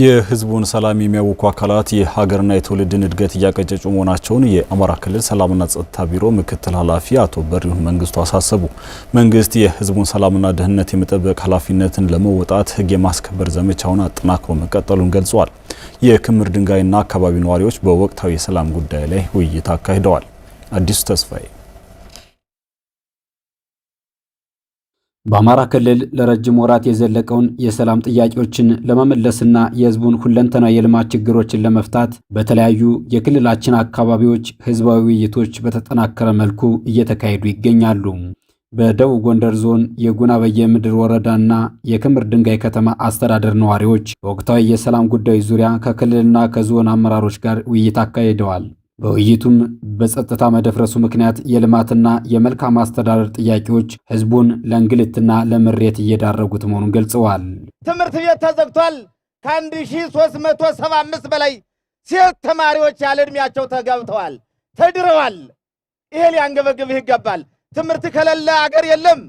የህዝቡን ሰላም የሚያውኩ አካላት የሀገርና የትውልድን እድገት እያቀጨጩ መሆናቸውን የአማራ ክልል ሰላምና ጸጥታ ቢሮ ምክትል ኃላፊ አቶ በሪሁን መንግስቱ አሳሰቡ። መንግስት የህዝቡን ሰላምና ደህንነት የመጠበቅ ኃላፊነትን ለመወጣት ህግ የማስከበር ዘመቻውን አጠናክሮ መቀጠሉን ገልጿል። የክምር ድንጋይና አካባቢ ነዋሪዎች በወቅታዊ የሰላም ጉዳይ ላይ ውይይት አካሂደዋል። አዲሱ ተስፋዬ በአማራ ክልል ለረጅም ወራት የዘለቀውን የሰላም ጥያቄዎችን ለመመለስና የህዝቡን ሁለንተና የልማት ችግሮችን ለመፍታት በተለያዩ የክልላችን አካባቢዎች ህዝባዊ ውይይቶች በተጠናከረ መልኩ እየተካሄዱ ይገኛሉ። በደቡብ ጎንደር ዞን የጉና በየምድር ወረዳና የክምር ድንጋይ ከተማ አስተዳደር ነዋሪዎች በወቅታዊ የሰላም ጉዳዮች ዙሪያ ከክልልና ከዞን አመራሮች ጋር ውይይት አካሂደዋል። በውይይቱም በጸጥታ መደፍረሱ ምክንያት የልማትና የመልካም አስተዳደር ጥያቄዎች ህዝቡን ለእንግልትና ለምሬት እየዳረጉት መሆኑን ገልጸዋል። ትምህርት ቤት ተዘግቷል። አምስት በላይ ሴት ተማሪዎች ያለ ዕድሜያቸው ተገብተዋል፣ ተድረዋል። ይሄ ሊያንገበግብህ ይገባል። ትምህርት ከሌለ አገር የለም።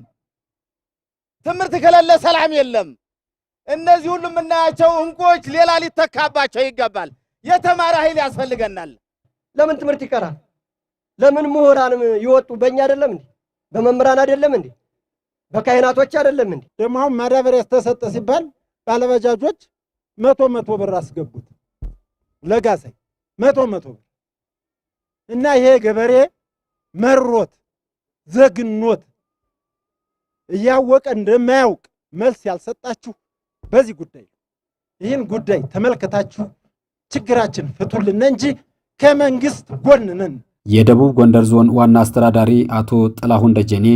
ትምህርት ከሌለ ሰላም የለም። እነዚህ ሁሉ የምናያቸው እንቁዎች ሌላ ሊተካባቸው ይገባል። የተማረ ኃይል ያስፈልገናል። ለምን ትምህርት ይቀራል? ለምን ምሁራን ይወጡ? በእኛ አይደለም እንዴ? በመምህራን አይደለም እንዴ? በካህናቶች አይደለም እንዴ? ደግሞ አሁን ማዳበሪያ ተሰጠ ሲባል ባለበጃጆች መቶ መቶ ብር አስገቡት ለጋሳይ መቶ መቶ ብር እና ይሄ ገበሬ መሮት ዘግኖት እያወቀ እንደማያውቅ መልስ ያልሰጣችሁ በዚህ ጉዳይ ይህን ጉዳይ ተመልከታችሁ ችግራችን ፍቱልን እንጂ ከመንግስት ጎን ነን። የደቡብ ጎንደር ዞን ዋና አስተዳዳሪ አቶ ጥላሁን ደጀኔ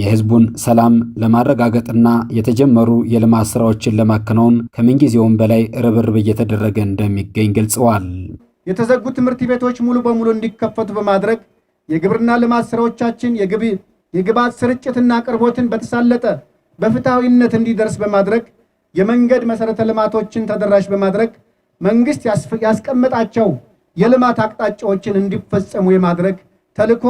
የህዝቡን ሰላም ለማረጋገጥና የተጀመሩ የልማት ስራዎችን ለማከናወን ከምንጊዜውም በላይ ርብርብ እየተደረገ እንደሚገኝ ገልጸዋል። የተዘጉ ትምህርት ቤቶች ሙሉ በሙሉ እንዲከፈቱ በማድረግ የግብርና ልማት ስራዎቻችን የግብዓት ስርጭትና አቅርቦትን በተሳለጠ በፍትሐዊነት እንዲደርስ በማድረግ የመንገድ መሰረተ ልማቶችን ተደራሽ በማድረግ መንግስት ያስቀመጣቸው የልማት አቅጣጫዎችን እንዲፈጸሙ የማድረግ ተልዕኮ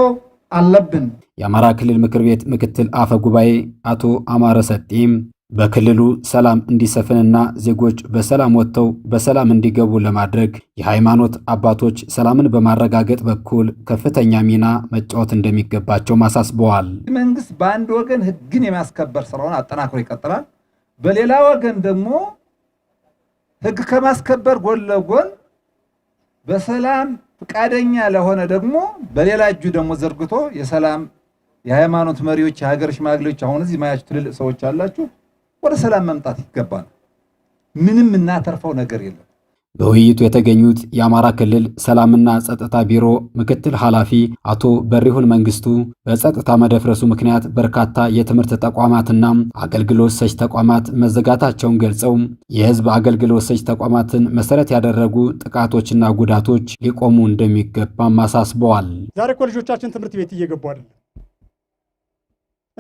አለብን። የአማራ ክልል ምክር ቤት ምክትል አፈ ጉባኤ አቶ አማረ ሰጤም በክልሉ ሰላም እንዲሰፍንና ዜጎች በሰላም ወጥተው በሰላም እንዲገቡ ለማድረግ የሃይማኖት አባቶች ሰላምን በማረጋገጥ በኩል ከፍተኛ ሚና መጫወት እንደሚገባቸው አሳስበዋል። መንግስት በአንድ ወገን ህግን የማስከበር ስራውን አጠናክሮ ይቀጥላል። በሌላ ወገን ደግሞ ህግ ከማስከበር ጎን ለጎን በሰላም ፈቃደኛ ለሆነ ደግሞ በሌላ እጁ ደግሞ ዘርግቶ የሰላም የሃይማኖት መሪዎች፣ የሀገር ሽማግሌዎች፣ አሁን እዚህ ማያችሁ ትልልቅ ሰዎች አላችሁ። ወደ ሰላም መምጣት ይገባል። ምንም እናተርፈው ነገር የለም። በውይይቱ የተገኙት የአማራ ክልል ሰላምና ጸጥታ ቢሮ ምክትል ኃላፊ አቶ በሪሁን መንግስቱ በጸጥታ መደፍረሱ ምክንያት በርካታ የትምህርት ተቋማትና አገልግሎት ሰጭ ተቋማት መዘጋታቸውን ገልጸው የህዝብ አገልግሎት ሰጭ ተቋማትን መሰረት ያደረጉ ጥቃቶችና ጉዳቶች ሊቆሙ እንደሚገባም አሳስበዋል። ዛሬ እኮ ልጆቻችን ትምህርት ቤት እየገቡ አይደለም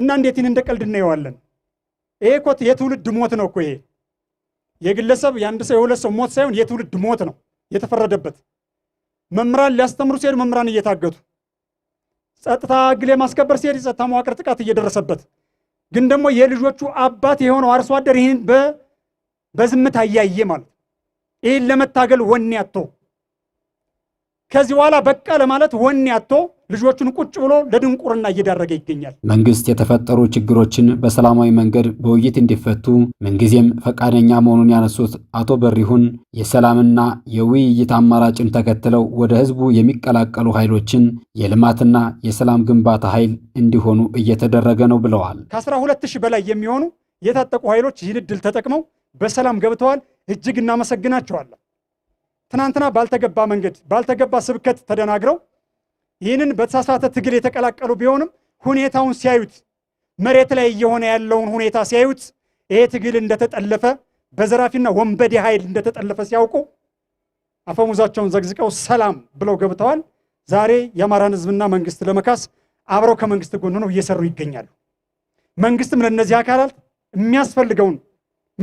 እና እንዴት ይህን እንደ ቀልድ እናየዋለን? ይሄ እኮ የትውልድ ሞት ነው እኮ ይሄ የግለሰብ የአንድ ሰው የሁለት ሰው ሞት ሳይሆን የትውልድ ሞት ነው የተፈረደበት። መምህራን ሊያስተምሩ ሲሄዱ መምህራን እየታገቱ፣ ጸጥታ ግል የማስከበር ሲሄድ የጸጥታ መዋቅር ጥቃት እየደረሰበት፣ ግን ደግሞ የልጆቹ አባት የሆነው አርሶ አደር ይህን በዝምት እያየ ማለት ይህን ለመታገል ወኔ አቶ ከዚህ በኋላ በቃ ለማለት ወኔ አቶ። ልጆቹን ቁጭ ብሎ ለድንቁርና እየዳረገ ይገኛል። መንግስት የተፈጠሩ ችግሮችን በሰላማዊ መንገድ በውይይት እንዲፈቱ ምንጊዜም ፈቃደኛ መሆኑን ያነሱት አቶ በሪሁን የሰላምና የውይይት አማራጭን ተከትለው ወደ ህዝቡ የሚቀላቀሉ ኃይሎችን የልማትና የሰላም ግንባታ ኃይል እንዲሆኑ እየተደረገ ነው ብለዋል። ከ ሁለት ሺህ በላይ የሚሆኑ የታጠቁ ኃይሎች ይህን እድል ተጠቅመው በሰላም ገብተዋል። እጅግ እናመሰግናቸዋለን። ትናንትና ባልተገባ መንገድ ባልተገባ ስብከት ተደናግረው ይህንን በተሳሳተ ትግል የተቀላቀሉ ቢሆንም ሁኔታውን ሲያዩት መሬት ላይ እየሆነ ያለውን ሁኔታ ሲያዩት ይሄ ትግል እንደተጠለፈ በዘራፊና ወንበዴ ኃይል እንደተጠለፈ ሲያውቁ አፈሙዛቸውን ዘግዝቀው ሰላም ብለው ገብተዋል። ዛሬ የአማራን ህዝብና መንግስት ለመካስ አብረው ከመንግስት ጎን ሆነው እየሰሩ ይገኛሉ። መንግስትም ለእነዚህ አካላት የሚያስፈልገውን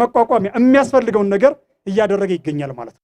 መቋቋሚያ የሚያስፈልገውን ነገር እያደረገ ይገኛል ማለት ነው።